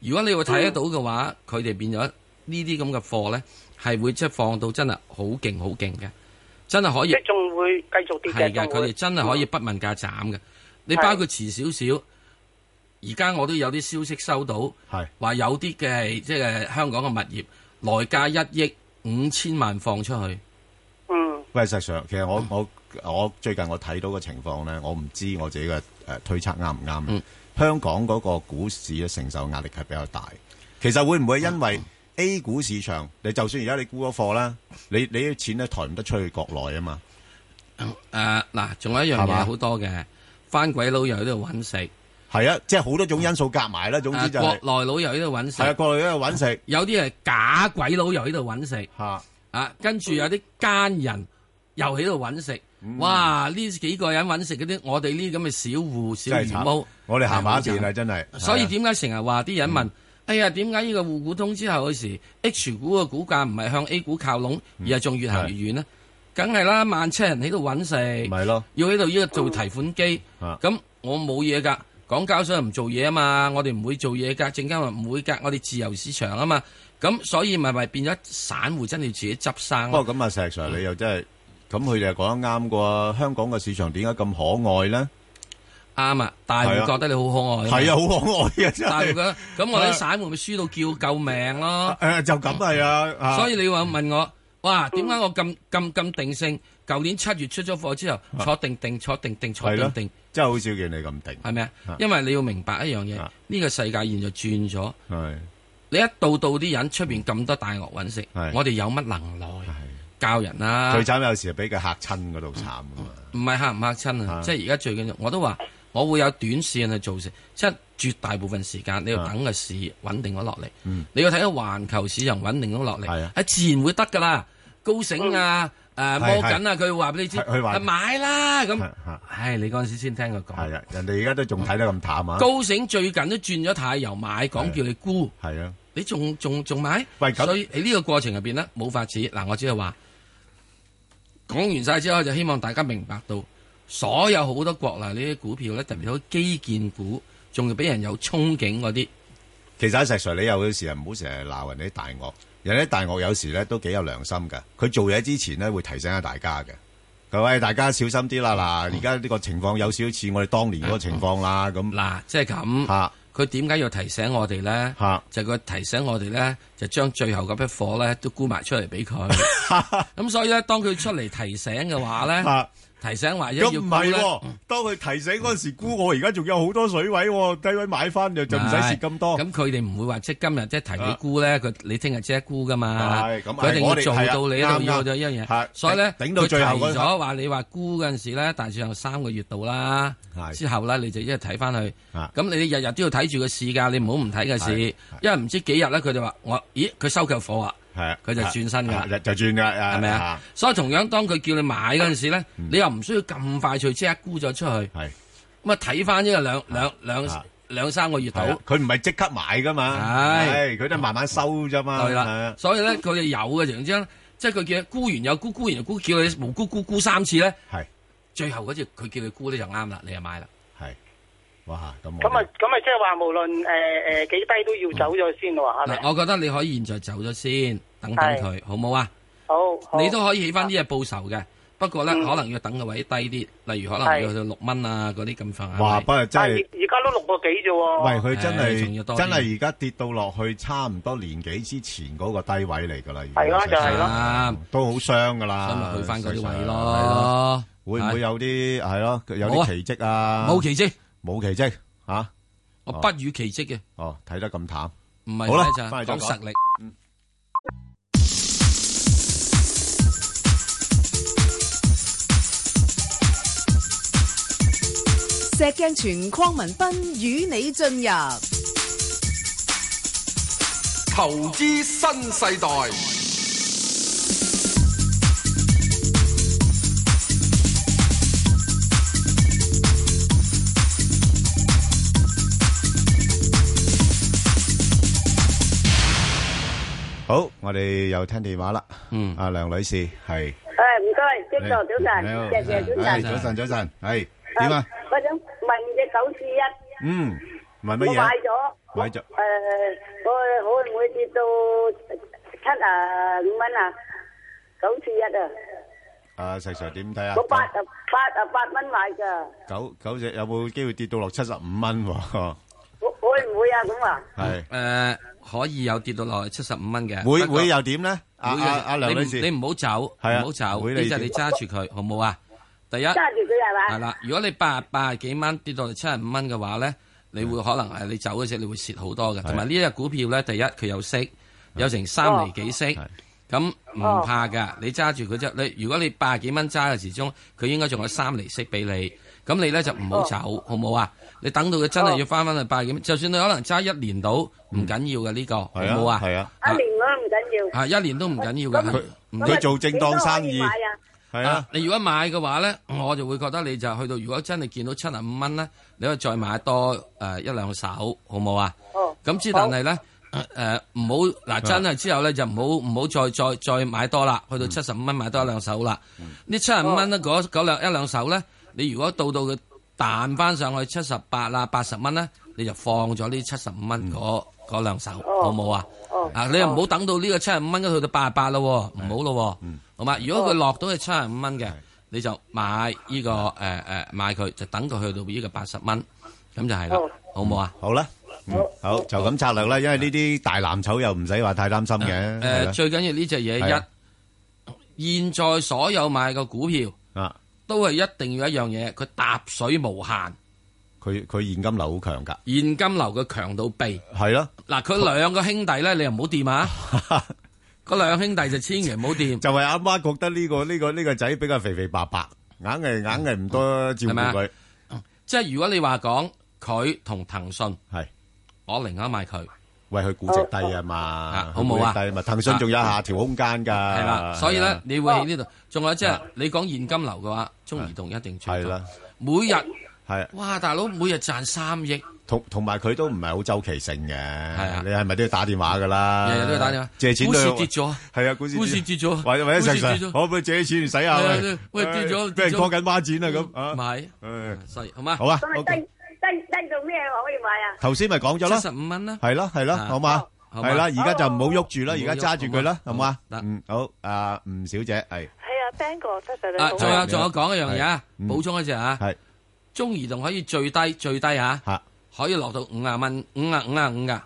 如果你會睇得到嘅話，佢哋變咗呢啲咁嘅貨咧，係會即係放到真係好勁好勁嘅，真係可以即係仲會繼續跌嘅。係噶，佢哋真係可以不問價斬嘅。你包括遲少少，而家我都有啲消息收到，話是有啲嘅係即係香港嘅物業內價一億五千萬放出去。嗯，喂，實上，其實我、嗯、我我，我最近我睇到個情況咧，我唔知我自己嘅誒、呃、推測啱唔啱。嗯、香港嗰個股市嘅承受壓力係比較大。其實會唔會因為 A 股市場，你就算而家你沽咗貨啦，你你啲錢咧抬唔得出去國內啊嘛。誒嗱、嗯，仲、呃、有一樣嘢好多嘅。翻鬼佬又喺度揾食，係啊，即係好多種因素夾埋啦，總之就係國內佬又喺度揾食，係啊，國內佬喺度揾食，有啲係假鬼佬又喺度揾食，吓、啊，啊，跟住有啲奸人又喺度揾食，嗯、哇！呢、嗯、幾個人揾食嗰啲，我哋呢咁嘅小戶小業務，我哋行埋一邊啊，真係的。所以點解成日話啲人問，嗯、哎呀，點解呢個滬股通之後嗰時 H 股嘅股價唔係向 A 股靠攏，而係仲越行越遠呢？嗯梗係啦，萬七人喺度揾食，要喺度依個做提款機，咁我冇嘢噶，港交所唔做嘢啊嘛，我哋唔會做嘢噶，陣間話唔會噶，我哋自由市場啊嘛，咁所以咪咪變咗散戶真係要自己執生。不過咁啊，石 Sir 你又真係，咁佢又講得啱啩，香港嘅市場點解咁可愛咧？啱啊，但係會覺得你好可愛，係啊，好可愛啊！真係，大佢咁，我啲散戶咪輸到叫救命咯。誒，就咁係啊，所以你話問我？哇！點解我咁咁咁定性？舊年七月出咗貨之後，坐定定，坐定定，坐定定，真係好少見你咁定。係咪啊？因為你要明白一樣嘢，呢個世界現在轉咗。係你一到到啲人出邊咁多大鱷揾食，我哋有乜能耐教人啊？最慘有時係俾佢嚇親嗰度慘啊嘛！唔係嚇唔嚇親啊！即係而家最緊要，我都話我會有短線去做成，即係絕大部分時間你要等個市穩定咗落嚟。你要睇到環球市場穩定咗落嚟，係自然會得㗎啦。高盛啊，誒摩根啊，佢會話俾你知，買啦咁。唉，你嗰陣時先聽佢講。係啊，人哋而家都仲睇得咁淡啊。高盛最近都轉咗軚，由買講叫你沽。係啊，你仲仲仲買？所以喺呢個過程入邊咧，冇法子。嗱，我只係話講完曬之後，就希望大家明白到，所有好多國內呢啲股票咧，特別係基建股，仲要俾人有憧憬嗰啲。其實喺實在，你有時又唔好成日鬧人哋大鱷。人喺大學有時咧都幾有良心嘅，佢做嘢之前咧會提醒下大家嘅，各位大家小心啲啦，嗱而家呢個情況有少少似我哋當年嗰個情況啦，咁嗱即係咁，佢點解要提醒我哋咧？啊、就佢提醒我哋咧，就將最後嗰筆貨咧都沽埋出嚟俾佢，咁、啊、所以咧當佢出嚟提醒嘅話咧。啊啊提醒話一要，當佢提醒嗰時沽，我而家仲有好多水位低位買翻就就唔使蝕咁多。咁佢哋唔會話即今日即提起沽咧，佢你聽日即刻沽噶嘛。咁，佢哋一定要做到你到咗呢樣嘢。所以咧頂到最後咗話你話沽嗰陣時咧，大致上三個月度啦，之後咧你就一日睇翻去。咁你日日都要睇住個市噶，你唔好唔睇個市，因為唔知幾日咧，佢就話我，咦佢收腳貨啊！係啊，佢就轉身噶，就轉噶，係咪啊？所以同樣當佢叫你買嗰陣時咧，你又唔需要咁快脆即刻沽咗出去。係，咁啊睇翻呢個兩兩兩兩三個月度，佢唔係即刻買噶嘛，係佢都慢慢收啫嘛。對啦，所以咧佢就有嘅，然之後即係佢叫沽完又沽，沽完又沽叫你無沽沽沽三次咧，係最後嗰次佢叫你沽咧就啱啦，你就買啦。咁咁啊，咁啊，即係話無論誒誒幾低都要走咗先咯，我覺得你可以現在走咗先，等等佢好唔好啊？好，你都可以起翻啲嘢報仇嘅，不過咧可能要等個位低啲，例如可能要到六蚊啊嗰啲咁份。哇！不過真係而家都六個幾啫。喂，佢真係仲要多真係而家跌到落去差唔多年幾之前嗰個低位嚟噶啦，係咯就係咯，都好傷噶啦，咁啊去翻啲位咯，會唔會有啲係咯有啲奇蹟啊？冇奇蹟。冇奇迹吓，啊、我不如奇迹嘅。哦，睇得咁淡，唔係啦，就講吧實力。嗯、石鏡泉鄺文斌與你進入投資新世代。好，我哋又聽電話啦。嗯，阿梁女士係，誒，唔該，朝早早晨，謝謝早晨，早晨早晨，係點啊？我想問隻九四一，嗯，問乜嘢啊？我買咗，買咗，誒，我會唔會跌到七啊五蚊啊？九四一啊？啊，石 Sir 點睇啊？我八啊八啊八蚊買噶，九九隻有冇機會跌到六七十五蚊？我會唔會啊？咁啊？係誒。可以有跌到落去七十五蚊嘅，會會又點咧？阿阿梁女士，你唔好走，唔好走，呢就你揸住佢，好冇啊？第一揸住佢係啦，如果你八八啊幾蚊跌到嚟七十五蚊嘅話咧，你會可能係你走嗰隻你會蝕好多嘅，同埋呢隻股票咧，第一佢有息，有成三厘幾息，咁唔怕噶。你揸住佢啫。你如果你八啊幾蚊揸嘅時鐘，佢應該仲有三厘息俾你，咁你咧就唔好走，好冇啊？你等到佢真係要翻翻去拜點，就算你可能揸一年到唔緊要噶呢個，好冇啊？一年都唔緊要，啊一年都唔緊要嘅。咁佢佢做正當生意，係啊。你如果買嘅話咧，我就會覺得你就去到如果真係見到七十五蚊咧，你可以再買多誒一兩手，好冇啊？咁之但係咧誒唔好嗱真係之後咧就唔好唔好再再再買多啦，去到七十五蚊買多一兩手啦。呢七十五蚊咧嗰嗰兩一兩手咧，你如果到到佢。彈翻上去七十八啦，八十蚊啦，你就放咗呢七十五蚊嗰嗰兩手，好冇啊？哦哦、啊，你又唔好等到呢個七十五蚊嗰去到八十八咯，唔好咯，嗯、好嘛？如果佢落到去七十五蚊嘅，哦、你就買呢、這個誒誒、嗯呃、買佢，就等佢去到呢個八十蚊，咁就係啦，好冇啊、嗯？好啦、嗯，好就咁策略啦，因為呢啲大藍籌又唔使話太擔心嘅。誒，最緊要呢隻嘢一，的的現在所有買嘅股票。都係一定要一樣嘢，佢搭水無限，佢佢現金流好強噶，現金流佢強到痹，係啦的，嗱佢兩個兄弟咧，你又唔好掂啊，嗰兩 兄弟就千祈唔好掂， 就係阿媽覺得呢、這個呢、這個呢、這個仔比較肥肥白白，硬係硬係唔多照顧佢，吧 即係如果你話講佢同騰訊，係的我零啊埋佢。為佢估值低啊嘛，估值低好冇？咪騰訊仲有下調空間噶。係啦，所以咧你會喺呢度，仲有即係你講現金流嘅話，中移動一定。係啦，每日係。哇，大佬每日賺三億。同同埋佢都唔係好周期性嘅。係啊，你係咪都要打電話噶啦？日日都要打電話，借錢都。股市跌咗。係啊，股市。股市跌咗。為為咗成日，可唔可以借錢嚟使下？喂，跌咗，俾人拖緊孖展啊咁啊。唔係，嗯，好嘛。好啊，OK。跟跟做咩我可以買啊？頭先咪講咗咯，七十五蚊啦，係咯係咯，好嘛？係啦，而家就唔好喐住啦，而家揸住佢啦，好嘛？嗱，好，阿吳小姐係。係啊，跟過，多謝你。啊，仲有仲有講一樣嘢，啊，補充一隻啊，係中移動可以最低最低吓，吓可以落到五啊蚊，五啊五啊五噶，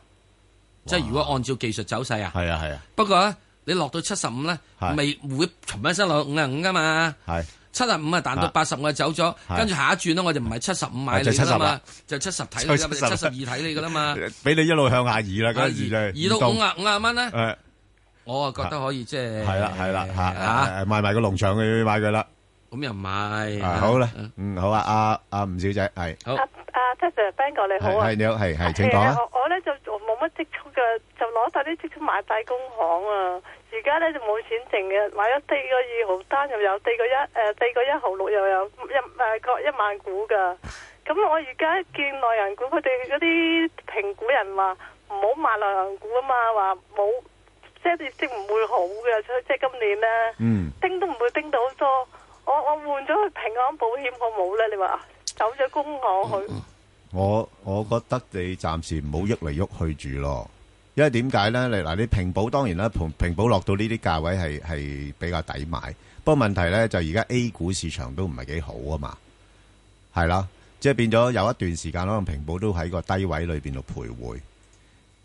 即係如果按照技術走勢啊，係啊係啊。不過咧，你落到七十五咧，未會尋晚收落五啊五噶嘛？係。七十五啊，彈到八十我走咗，跟住下一轉咧我就唔係七十五買你啦嘛，就七十睇你啦，七十二睇你噶啦嘛，俾你一路向下移啦，咁移就移到五啊五啊蚊啦。我啊覺得可以即係係啦係啦嚇嚇賣埋個農場去買佢啦。咁又唔係。好啦，嗯好啊，阿阿吳小姐係。阿阿 Tessa Bangor 你好啊。係你好，係係請講。我咧就冇乜積蓄嘅，就攞晒啲積蓄買大工行啊。而家咧就冇錢剩嘅，買咗四個二毫單又有，四個一誒四個一毫六又有，一誒各一萬股噶。咁我而家見內銀股，佢哋嗰啲評估人話唔好買內銀股啊嘛，話冇即係業績唔會好嘅，所以即係今年咧。嗯。叮都唔會叮到好多。我我換咗去平安保險，好冇咧？你話走咗工行去。我我覺得你暫時唔好喐嚟喐去住咯。因為點解咧？你嗱，你平保當然啦，平平保落到呢啲價位係係比較抵買。不過問題咧，就而家 A 股市場都唔係幾好啊嘛，係啦，即係變咗有一段時間可能平保都喺個低位裏邊度徘徊。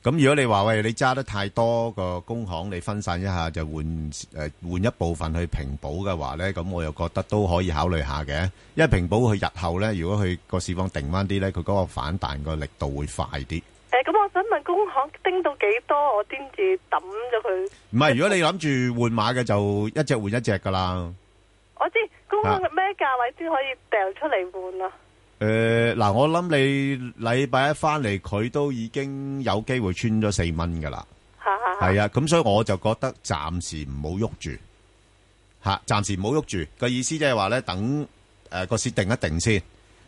咁如果你話喂，你揸得太多個工行，你分散一下就換誒換一部分去平保嘅話咧，咁我又覺得都可以考慮下嘅。因為平保佢日後咧，如果佢個市況定翻啲咧，佢嗰個反彈個力度會快啲。工行叮到幾多？我先至抌咗佢。唔係，如果你諗住換馬嘅，就一隻換一隻噶啦。我知工行咩價位先可以掉出嚟換啊？誒，嗱，我諗你禮拜一翻嚟，佢都已經有機會穿咗四蚊噶啦。係啊，咁、啊啊、所以我就覺得暫時唔好喐住。吓、啊，暫時唔好喐住。個意思即係話咧，等誒個、呃、市定一定先。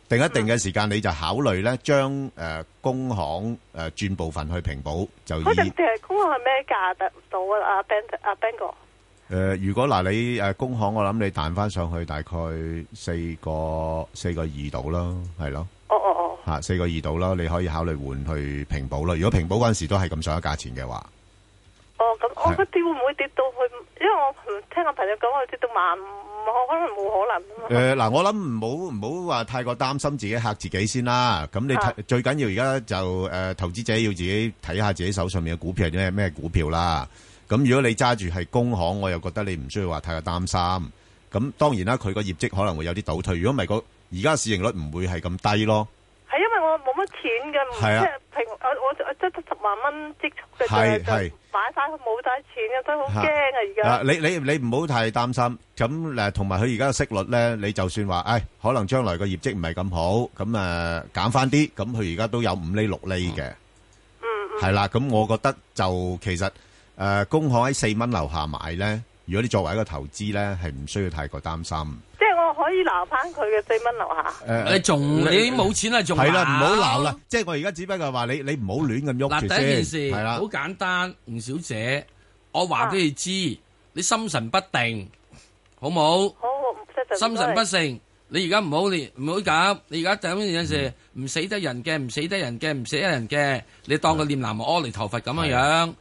定一定嘅時間你就考慮咧，將誒工行誒、呃、轉部分去平保就以。嗰陣時工行係咩價得到啊？阿 Ben 阿 Ben 哥。誒、啊呃，如果嗱、呃、你誒工、呃、行，我諗你彈翻上去大概四個四個二度啦，係咯。哦哦哦。嚇，四個二度啦、oh, oh, oh.，你可以考慮換去平保啦。如果平保嗰陣時都係咁上下價錢嘅話。哦，咁是我嗰啲會唔會跌到去？因為我唔聽我朋友講，佢跌到萬，我可能冇可能。誒，嗱、呃，我諗唔好唔好話太過擔心自己吓自己先啦。咁你、啊、最緊要而家就誒、呃，投資者要自己睇下自己手上面嘅股票係咩咩股票啦。咁如果你揸住係工行，我又覺得你唔需要話太過擔心。咁當然啦，佢個業績可能會有啲倒退。如果唔係，個而家市盈率唔會係咁低咯。冇乜錢嘅，即係平我，我即係得十萬蚊積蓄嘅啫，就買晒佢冇晒錢嘅，真係好驚啊！而家你你你唔好太擔心，咁誒同埋佢而家嘅息率咧，你就算話誒可能將來個業績唔係咁好，咁誒減翻啲，咁佢而家都有五厘六厘嘅，嗯，係啦，咁我覺得就其實誒工行喺四蚊樓下買咧，如果你作為一個投資咧，係唔需要太過擔心。可以留翻佢嘅四蚊樓下。誒，你仲你冇錢了啊？仲係啦，唔好鬧啦。即係我而家只不過話你，你唔好亂咁喐嗱，第一件事。係啦，好的簡單，吳小姐，我話俾你知，啊、你心神不定，好唔好，好？好，心神不寧。謝謝。你而家唔好你唔好搞，你而家有陣時，唔死得人嘅，唔死得人嘅，唔死得人嘅。你當佢念南無阿彌陀佛咁樣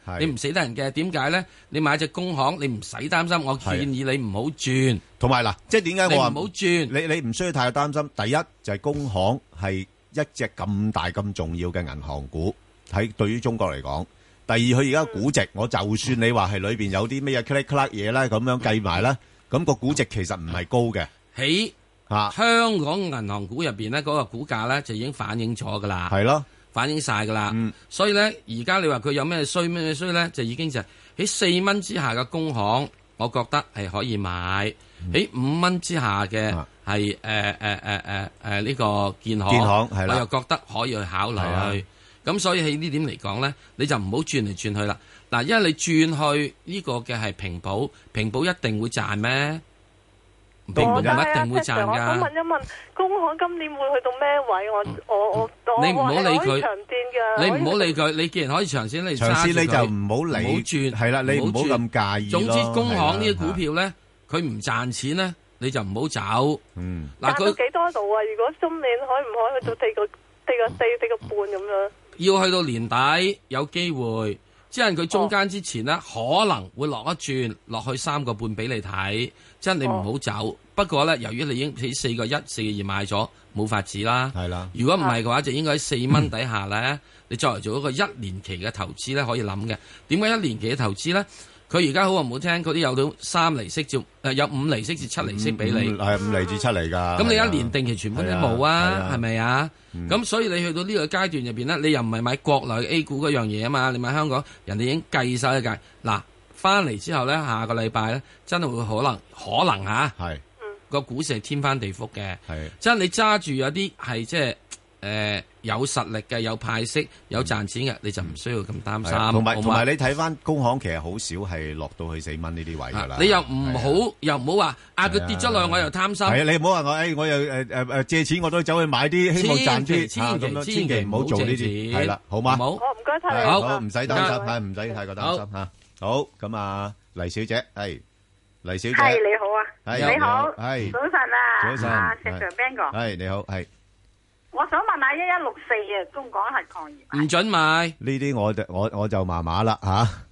樣，你唔死得人嘅。點解咧？你買隻工行，你唔使擔心。我建議你唔好轉。同埋嗱，即係點解我話唔好轉？你你唔需要太擔心。第一就係工行係一隻咁大咁重要嘅銀行股，喺對於中國嚟講。第二佢而家估值，我就算你話係裏邊有啲咩嘢 click click 嘢啦，咁樣計埋啦，咁個估值其實唔係高嘅。喺啊！香港嘅銀行股入邊咧，嗰個股價咧就已經反映咗噶啦，係咯，反映晒噶啦。嗯、所以咧，而家你話佢有咩衰咩衰咧，就已經就喺四蚊之下嘅工行，我覺得係可以買；喺五蚊之下嘅係誒誒誒誒誒呢個建行，建行我又覺得可以去考慮。去咁所以喺呢點嚟講咧，你就唔好轉嚟轉去啦。嗱，因為你轉去呢個嘅係平保，平保一定會賺咩？並唔係一定會賺㗎。我問一問，工行今年會去到咩位？我我我我係可以長線㗎。你唔好理佢，你既然可以長線，長線你就唔好理，唔好轉，係啦，你唔好咁介意。總之，工行呢啲股票咧，佢唔賺錢咧，你就唔好走。嗯，嗱，佢幾多度啊？如果今年可唔可以去到四個、四個四、四個半咁樣？要去到年底有機會。即係佢中間之前咧，oh. 可能會落一轉，落去三個半俾你睇，即係你唔好走。Oh. 不過呢，由於你已經喺四個一、四個二買咗，冇法子啦。係啦，如果唔係嘅話，就應該喺四蚊底下咧，嗯、你作為做一個一年期嘅投資咧，可以諗嘅。點解一年期嘅投資呢？佢而家好話唔好聽，嗰啲有到三厘息至，誒、呃、有五厘息至七厘息俾你，係五,五,五厘至七厘噶。咁你一年定期全部都冇啊，係咪啊？咁所以你去到呢個階段入邊咧，你又唔係買國內 A 股嗰樣嘢啊嘛？你買香港，人哋已經計晒一計。嗱、啊，翻嚟之後咧，下個禮拜咧，真係會可能可能吓、啊，係個是股市係天翻地覆嘅，係即係你揸住有啲係即係。的的誒，有實力嘅，有派息，有賺錢嘅，你就唔需要咁擔心。同埋同埋，你睇翻工行，其實好少係落到去四蚊呢啲位噶啦。你又唔好，又唔好話，啊，佢跌咗落，我又貪心。係啊，你唔好話我，誒，我又誒誒誒，借錢我都走去買啲，希望賺啲咁樣，千祈千祈千祈唔好做呢啲，係啦，好嘛？好，唔該晒你。好，唔使擔心，唔使太過擔心吓。好，咁啊，黎小姐，係黎小姐，係你好啊，你好，係早晨啊，早晨啊，正常邊個，係你好，係。我想問下一一六四啊，中港核礦業唔准買呢啲，我就我我就麻麻啦吓，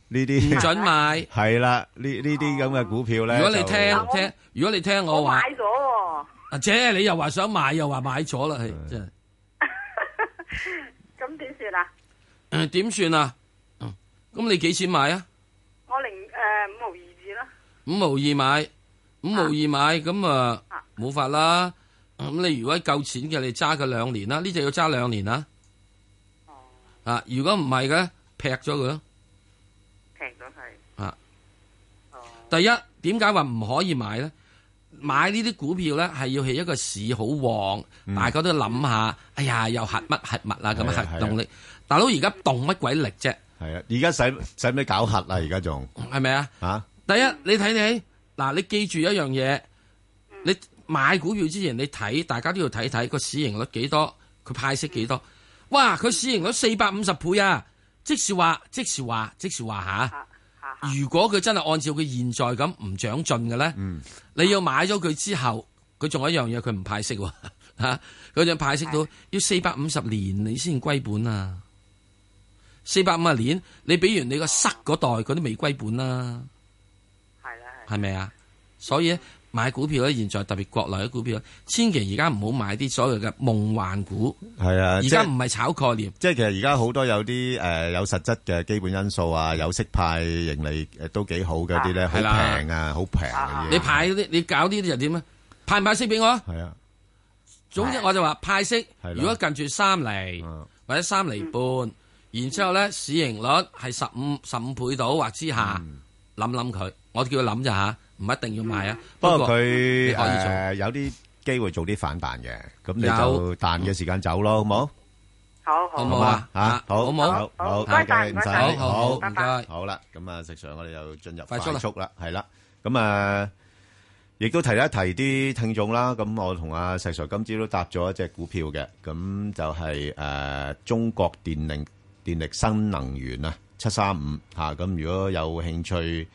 呢啲唔准買係啦，呢呢啲咁嘅股票咧。如果你聽聽，如果你聽我話，買咗阿姐，你又話想買，又話買咗啦，真係。咁點算嗱？誒，點算啊？嗯，咁你幾錢買啊？我零誒五毫二字啦。五毫二買，五毫二買，咁啊冇法啦。咁你如果夠錢嘅，你揸佢兩年啦，呢隻要揸兩年啦。啊，如果唔係嘅，劈咗佢咯。劈咗係。啊，第一，點解話唔可以買呢？買呢啲股票咧，係要起一個市好旺，大家都諗下，哎呀，又核乜核物啦，咁核動力。大佬而家動乜鬼力啫？係啊，而家使使咩搞核啊？而家仲係咪啊？啊，第一，你睇你嗱，你記住一樣嘢，你。買股票之前，你睇，大家都要睇睇個市盈率幾多，佢派息幾多。哇，佢市盈率四百五十倍啊！即時話，即時話，即時話吓。啊啊啊啊、如果佢真係按照佢現在咁唔長進嘅咧，嗯、你要買咗佢之後，佢仲有一樣嘢，佢唔派息喎、啊、吓。佢、啊、要派息到要四百五十年你先歸本啊！四百五十年，你俾完你個塞嗰代，佢都未歸本啦、啊。係啦係。係咪啊？啊是是？所以。啊買股票咧，現在特別國內嘅股票，千祈而家唔好買啲所謂嘅夢幻股。係啊，而家唔係炒概念。即係其實而家好多有啲誒有實質嘅基本因素啊，有息派盈利都幾好嗰啲咧，好平啊，好平。你派嗰啲，你搞啲就點啊？派唔派息俾我啊？係啊，總之我就話派息。如果近住三厘或者三厘半，然之後咧，市盈率係十五十五倍到或之下，諗諗佢，我叫佢諗啫吓。唔一定要買啊，不過佢誒有啲機會做啲反彈嘅，咁你就彈嘅時間走咯，好冇？好，好唔該啊，好，好唔該晒，唔該晒，好好，唔該，好啦，咁啊，石 sir 我哋又進入快速啦，係啦，咁啊，亦都提一提啲聽眾啦，咁我同阿石 sir 今朝都搭咗一隻股票嘅，咁就係誒中國電力電力新能源啊，七三五吓，咁如果有興趣。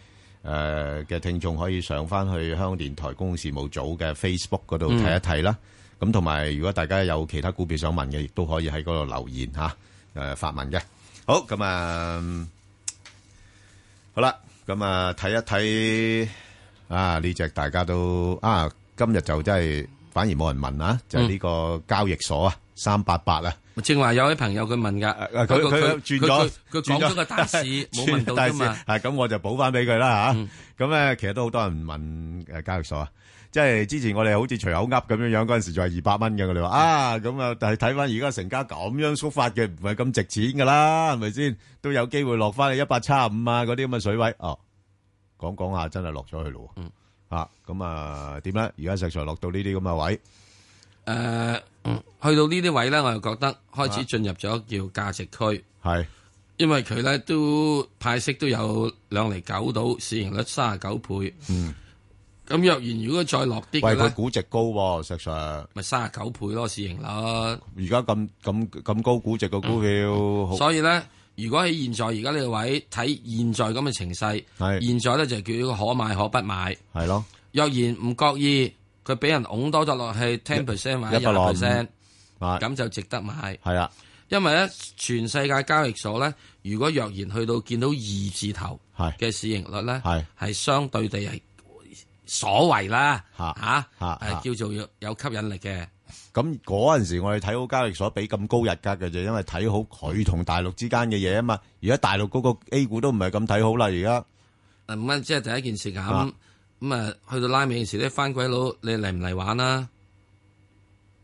誒嘅、呃、聽眾可以上翻去香港電台公共事務組嘅 Facebook 嗰度睇一睇啦，咁同埋如果大家有其他股票想問嘅，亦都可以喺嗰度留言吓，誒、啊呃、發問嘅。好，咁啊、嗯，好啦，咁啊睇一睇啊呢隻大家都啊今日就真係反而冇人問啊，就呢、係、個交易所啊三八八啊。嗯正話有位朋友佢問噶，佢佢佢轉咗個大事冇問到啫嘛。係咁，我就補翻俾佢啦吓。咁咧，其實都好多人唔問誒，交易所啊，即係之前我哋好似隨口噏咁樣樣嗰陣時，就係二百蚊嘅。我哋話啊，咁啊，但係睇翻而家成家咁樣縮發嘅，唔係咁值錢噶啦，係咪先？都有機會落翻去一百七十五啊，嗰啲咁嘅水位哦。講講下真係落咗去咯。嗯，吓咁啊，點咧？而家實才落到呢啲咁嘅位誒。去到呢啲位咧，我又覺得開始進入咗叫價值區，係的因為佢咧都派息都有兩厘九到，市盈率三十九倍。嗯，咁若然如果再落啲咧，佢估值高、哦，實在咪三十九倍咯，市盈率。而家咁咁咁高估值嘅股票，嗯、好所以咧，如果喺現在而家呢個位睇，現在咁嘅情勢，係的現在咧就叫可買可不買，係咯的。若然唔覺意，佢俾人㧬多咗落去 ten percent，或廿 percent。咁是就值得買，係啊，因為咧，全世界交易所咧，如果若然去到見到二字頭，係嘅市盈率咧，係係相對地係所謂啦，吓、啊、吓，係、啊啊、叫做有吸引力嘅。咁嗰陣時我哋睇好交易所俾咁高日格嘅啫，因為睇好佢同大陸之間嘅嘢啊嘛。而家大陸嗰個 A 股都唔係咁睇好啦、嗯，而家誒，唔啱，即係第一件事啊。咁啊、嗯嗯嗯，去到拉尾時咧，翻鬼佬，你嚟唔嚟玩啦？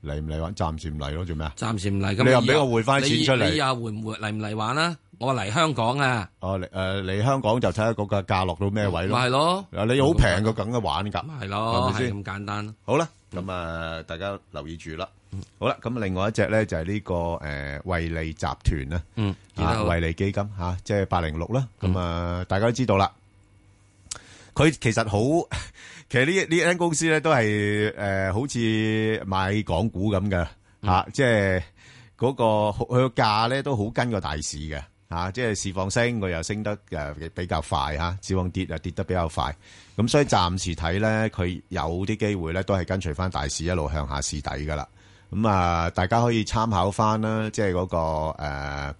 嚟唔嚟玩？暫時唔嚟咯，做咩啊？暫時唔嚟咁，你又俾我匯返錢出嚟啊？匯唔匯嚟唔嚟玩啦？我嚟香港啊！哦，誒嚟香港就睇下個價價落到咩位咯。咪係咯，嗱，你好平個梗，梗玩㗎。係咯，係咪先咁簡單？好啦，咁啊，大家留意住啦。好啦，咁啊，另外一隻咧就係呢個誒惠理集團啦，嗯，然後惠理基金嚇，即係八零六啦。咁啊，大家都知道啦，佢其實好。其實呢呢間公司咧都係誒、呃，好似買港股咁嘅吓，即係嗰個佢個價咧都好跟個大市嘅吓，即、啊、係、就是、市放升佢又升得誒比較快吓、啊，市放跌又跌得比較快，咁、啊、所以暫時睇咧，佢有啲機會咧都係跟隨翻大市一路向下試底噶啦。咁啊，大家可以參考翻啦，即係嗰個誒、呃、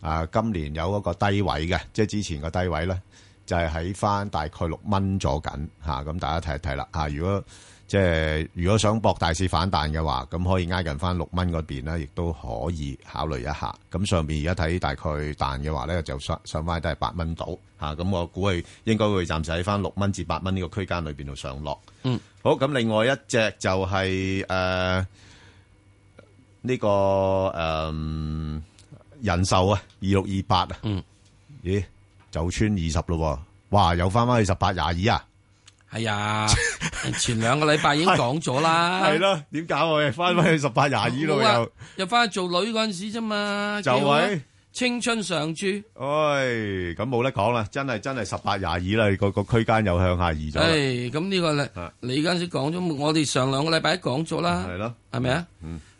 啊，今年有嗰個低位嘅，即、就、係、是、之前個低位咧。就係喺翻大概六蚊咗緊嚇，咁大家睇一睇啦嚇。如果即係、就是、如果想博大市反彈嘅話，咁可以挨近翻六蚊嗰邊咧，亦都可以考慮一下。咁上邊而家睇大概彈嘅話咧，就上上翻都係八蚊到。嚇、嗯。咁我估佢應該會暫時喺翻六蚊至八蚊呢個區間裏邊度上落。嗯。好，咁另外一隻就係誒呢個誒、呃、人壽啊，二六二八啊。嗯。咦？又穿二十咯，哇！又翻翻去十八廿二啊？係啊，前兩個禮拜已經講咗啦。係咯，點搞啊？翻翻去十八廿二咯，又翻翻去做女嗰陣時啫嘛。就係、是啊，青春常駐。唉、哎，咁冇得講啦，真係真係十八廿二啦，個個區間又向下移咗。唉、咁、嗯、呢個你你嗰陣時講咗，我哋上兩個禮拜講咗啦。係咯、嗯，係咪啊？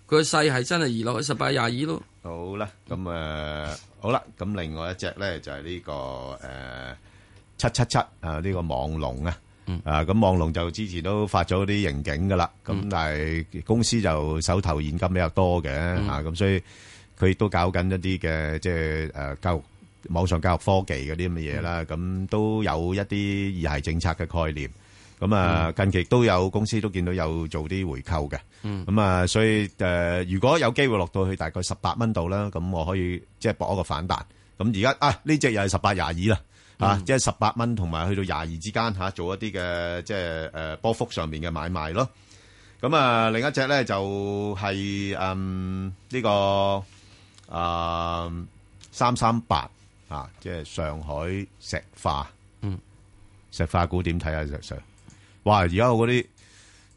佢世係真係移落去十八廿二咯。好啦，咁誒好啦，咁另外一隻咧就係呢個誒七七七啊，呢個網龍啊，啊咁網龍就之前都發咗啲盈警噶啦，咁但係公司就手頭現金比較多嘅嚇，咁所以佢亦都搞緊一啲嘅即係誒教育網上教育科技嗰啲咁嘅嘢啦，咁都有一啲二孩政策嘅概念。咁啊，近期都有公司都見到有做啲回購嘅，咁啊、嗯嗯，所以誒、呃，如果有機會落到去大概十八蚊度啦，咁我可以即係搏一個反彈。咁而家啊，呢隻又係十八廿二啦，啊，即係十八蚊同埋去到廿二之間嚇，做一啲嘅即係誒波幅上面嘅買賣咯。咁啊，另一隻咧就係誒呢個啊三三八啊，即係上海石化。嗯，石化股點睇啊？石石哇！而家我嗰啲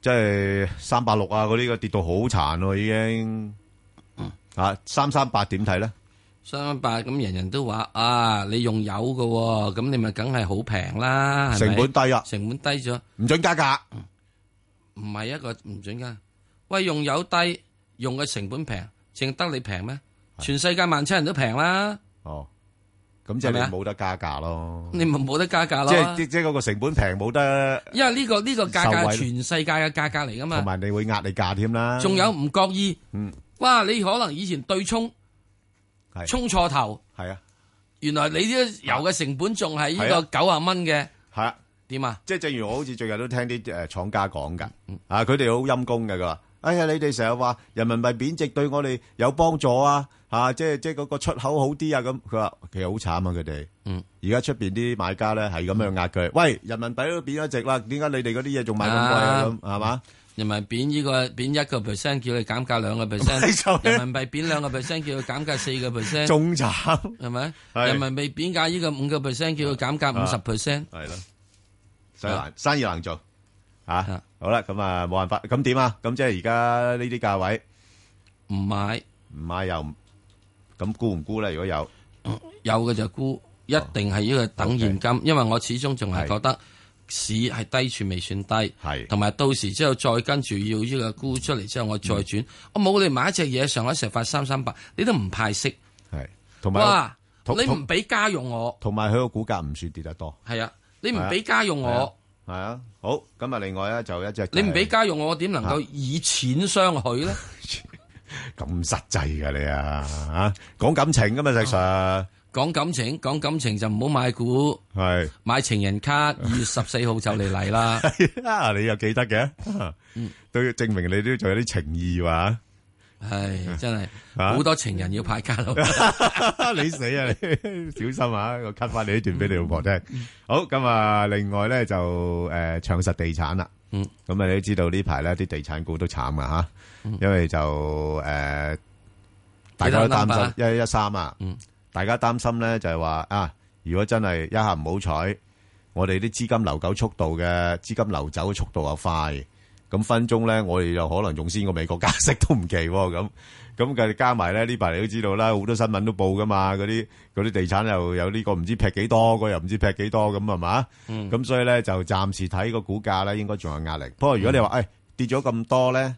即係三百六啊，嗰啲嘅跌到好殘咯，已經嗯啊，三三八點睇咧？三三八咁人人都話啊，你用油嘅咁、啊、你咪梗係好平啦，成本低啊，成本低咗唔準加價，唔係、嗯、一個唔準加。喂，用油低，用嘅成本平，淨得你平咩？是全世界萬七人都平啦。哦咁即係你冇得加價咯，你咪冇得加價咯。即係是即係嗰個成本平，冇得。因為呢、呢個呢惠個價格係全世界嘅價格嚟噶嘛，同埋你會壓你價添啦。仲有唔覺意，嗯，哇！你可能以前對沖，沖錯頭，係啊，原來你啲油嘅成本仲係呢個九十蚊嘅，係啊，點啊？啊即係正如我好似最近都聽啲誒廠家講噶，嗯、啊，佢哋好陰功嘅，佢哎呀，你哋成日話人民幣貶值對我哋有幫助啊，吓、啊，即係即係嗰個出口好啲啊咁。佢話其實好慘啊佢哋，嗯，而家出邊啲買家咧係咁樣壓佢。喂，人民幣都貶咗值啦，點解你哋嗰啲嘢仲賣咁貴啊咁，係嘛、啊？吧人民幣貶呢個貶一個 percent 叫佢減價兩個 percent，人民幣貶兩個 percent 叫佢減價四個 percent，仲慘係咪？人民幣貶價呢個五個 percent 叫佢減價五十 percent，係咯，真難、啊啊、生意難做。吓，好啦，咁啊冇辦法，咁點啊？咁即係而家呢啲價位唔買，唔買又咁沽唔沽咧？如果有有嘅就沽，一定係呢個等現金，因為我始終仲係覺得市係低處未算低，係同埋到時之後再跟住要呢個沽出嚟之後，我再轉，我冇你買一隻嘢，上海石化三三八，你都唔派息，係同埋哇，你唔俾家用我，同埋佢個股價唔算跌得多，係啊，你唔俾家用我。係啊，好，咁啊，另外咧就一隻，就是，你唔俾家用我點能夠以錢相許咧？咁實際噶你啊，啊，講感情噶嘛，實實，講感情，講感情就唔好買股，係是買情人卡，二月十四號就嚟嚟啦， 啊，你又記得嘅，啊嗯、都要證明你都仲有啲情意話。啊唉，真係好多情人要派卡路，你死啊！你小心啊！我 cut 翻你一段俾你老婆聽。好，咁啊，另外咧就誒，長實地產啦。嗯，咁啊，你都知道呢排咧啲地產股都慘啊吓，因為就誒，大家都擔心一一三啊。嗯，大家擔心咧就係話啊，如果真係一下唔好彩，我哋啲資金流走速度嘅資金流走嘅速度又快。咁分鐘咧，我哋又可能用先個美國加息都唔奇咁，咁計加埋咧呢排你都知道啦，好多新聞都報㗎嘛，嗰啲啲地產又有呢個唔知劈幾多，又唔知劈幾多咁係嘛，咁、嗯、所以咧就暫時睇個股價咧應該仲有壓力。不過如果你話誒、哎、跌咗咁多咧，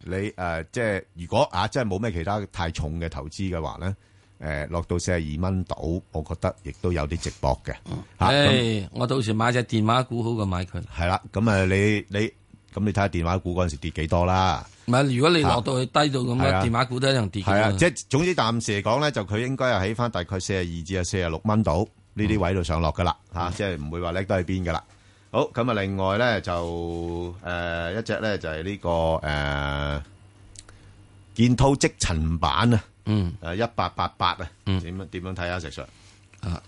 你誒、呃、即係如果啊即係冇咩其他太重嘅投資嘅話咧，誒、呃、落到四十二蚊度，我覺得亦都有啲值博嘅。誒，我到時買隻電話股好過買佢。係啦，咁啊你你。咁你睇下電話股嗰陣時跌幾多啦？唔係，如果你落到去低到咁咧，啊、電話股都一能跌嘅。啊、啊，即係總之暫時嚟講咧，就佢應該係喺翻大概四十二至、嗯、啊四十六蚊度呢啲位度上落噶啦嚇，即係唔會話叻得喺邊噶啦。好，咁啊，另外咧就誒一隻咧就係呢個誒建滔積塵版，啊，嗯，誒一八八八啊，點樣點樣睇下石 s 啊？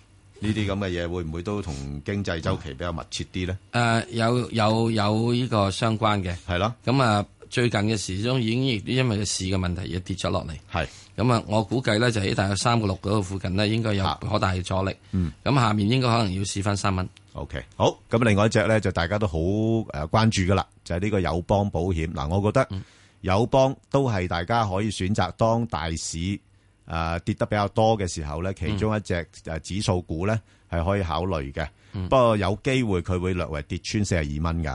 呢啲咁嘅嘢會唔會都同經濟周期比較密切啲咧？誒、啊、有有有呢個相關嘅，係咯的。咁啊，最近嘅時鐘已經因為個市嘅問題而跌咗落嚟。係的。咁啊，我估計咧就喺大約三個六度附近咧，應該有好大嘅阻力、啊。嗯。咁下面應該可能要試翻三蚊。O K。好。咁另外一隻咧，就大家都好誒關注噶啦，就係、是、呢個友邦保險嗱、啊。我覺得友邦都係大家可以選擇當大市。誒、啊、跌得比較多嘅時候咧，其中一隻誒指數股咧係可以考慮嘅。嗯、不過有機會佢會略為跌穿四廿二蚊㗎，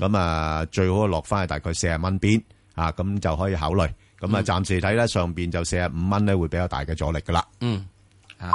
咁、嗯、啊最好落翻去大概四廿蚊邊啊，咁就可以考慮。咁啊暫時睇咧、嗯、上邊就四廿五蚊咧會比較大嘅阻力㗎啦。嗯。好、啊。